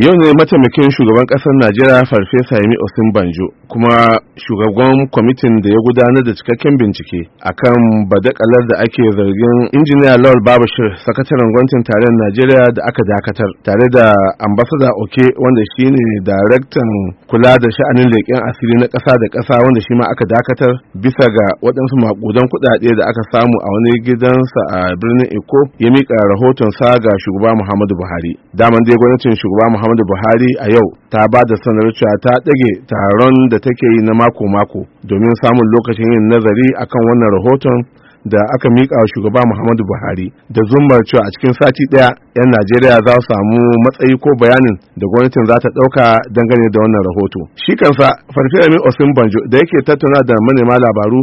yau ne mataimakin shugaban kasar najeriya farfesa yami osin banjo kuma shugaban kwamitin da ya gudanar da cikakken bincike akan badakalar da ake zargin injiniya lawal babashir sakataren gwamnatin tarayyar najeriya da aka dakatar tare da ambasada oke wanda shine daraktan kula da sha'anin leƙen asiri na ƙasa da ƙasa wanda shi ma aka dakatar bisa ga waɗansu maƙudan kuɗaɗe da aka samu a wani gidansa a birnin eko ya miƙa rahoton sa ga shugaba muhammadu buhari daman dai gwamnatin shugaba muhammadu buhari a yau ta ba da sanar cewa ta ɗage taron da take yi na mako-mako domin samun lokacin yin nazari akan wannan rahoton da aka miƙa wa shugaba muhammadu buhari da zumar cewa a cikin sati ɗaya 'yan najeriya za su samu matsayi ko bayanin da gwamnatin za ta ɗauka dangane da wannan rahoto shi kansa farfesa min osin banjo da yake tattauna da manema labaru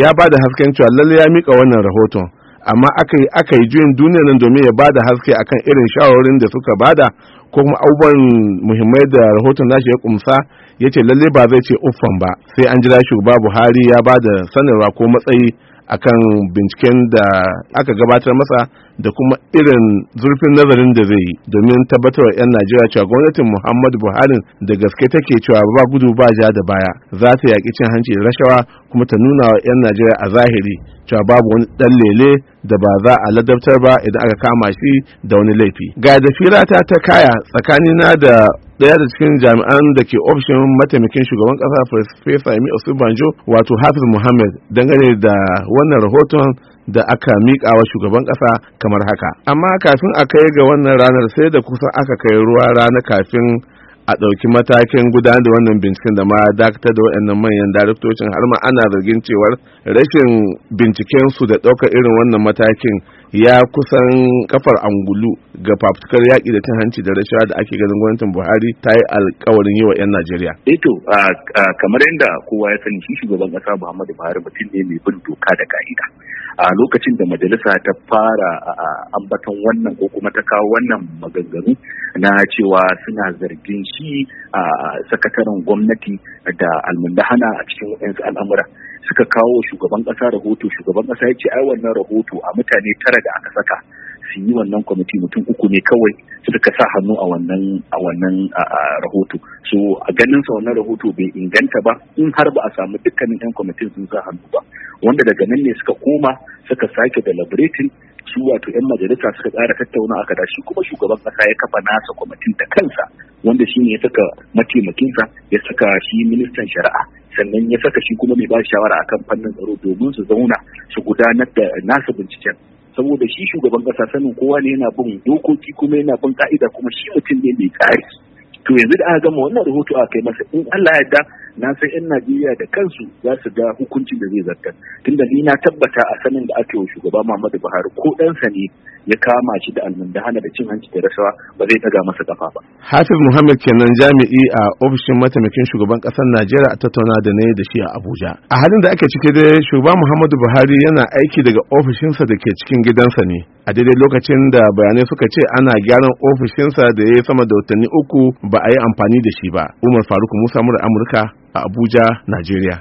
ya ba da hasken cewa lallai ya miƙa wannan rahoton amma aka yi aka yi juyin duniyar nan domin ya bada haske akan irin shawarorin da suka bada ko kuma abubuwan muhimmai da rahoton nashi ya kumsa ya ce lalle ba zai ce uffan ba sai an jira shugaba buhari ya bada sanarwa ko matsayi akan binciken da aka gabatar masa da kuma irin zurfin nazarin da zai yi domin tabbatarwa 'yan najeriya cewa gwamnatin muhammadu buhari da gaske take cewa ba gudu ba ja da baya za ta yaƙi cin hanci da rashawa kuma ta nuna wa 'yan najeriya a zahiri cewa babu wani dan lele da ba za a ladabtar ba idan aka kama shi da wani laifi ga da firata ta kaya tsakanina da daya da cikin jami'an da ke ofishin mataimakin shugaban kasa farfesa yemi osinbajo wato hafiz muhammad dangane da wannan rahoton da aka mika wa shugaban kasa kamar haka amma kafin a kai ga wannan ranar sai da kusan aka kai ruwa rana kafin a ɗauki matakin gudanar da wannan binciken da ma dakatar da waɗannan manyan daraktocin har ma ana zargin cewar rashin su da ɗaukar irin wannan matakin ya kusan kafar angulu ga fafutukar yaƙi da cin hanci da rashawa da ake ganin gwamnatin buhari ta yi alkawarin yi wa 'yan najeriya eto eh kamar yadda kowa ya sani shi shugaban ƙasa muhammadu buhari mutum ne mai bin doka da ka'ida a lokacin da majalisa ta fara ambaton wannan ko kuma ta kawo wannan maganganu na cewa suna zargin shi a sakataren gwamnati da almundahana a cikin 'yan al'amura suka kawo shugaban kasa rahoto shugaban kasa ya ce ai wannan rahoto a mutane tara da aka saka su yi wannan kwamiti mutum uku ne kawai suka sa hannu a wannan a wannan rahoto so a ganin sa wannan rahoto bai inganta ba in har ba a samu dukkanin yan kwamitin sun sa hannu ba wanda daga nan ne suka koma suka sake deliberating su wato 'yan majalisa suka tsara tattauna aka da shi kuma shugaban kasa ya kafa nasa kwamitin da kansa wanda shi ne ya saka mataimakinsa ya saka shi ministan shari'a sannan ya saka shi kuma mai ba shawara akan fannin tsaro domin su zauna su gudanar da nasa binciken saboda shi shugaban kasa sanin kowa ne yana bin dokoki kuma yana bin ka'ida kuma shi mutum ne mai tsari to yanzu da aka gama wannan rahoto aka kai masa in Allah ya yarda na san yan najeriya da kansu za su ga hukuncin da zai zartar tunda ni na tabbata a sanin da ake wa shugaba muhammadu buhari ko ɗansa ne ya kama shi da hana da cin hanci da rashawa ba zai taga masa kafa ba. Hafiz Muhammad kenan jami'i a ofishin mataimakin shugaban kasar Najeriya a tattauna da na yi da shi a Abuja. A halin da ake ciki da shugaban Muhammadu Buhari yana aiki daga ofishinsa da ke cikin gidansa ne. A daidai lokacin da bayanai suka ce ana gyaran ofishinsa da ya yi sama da watanni uku ba a yi amfani da shi ba. Umar Faruk Musa Mura Amurka a Abuja, Najeriya.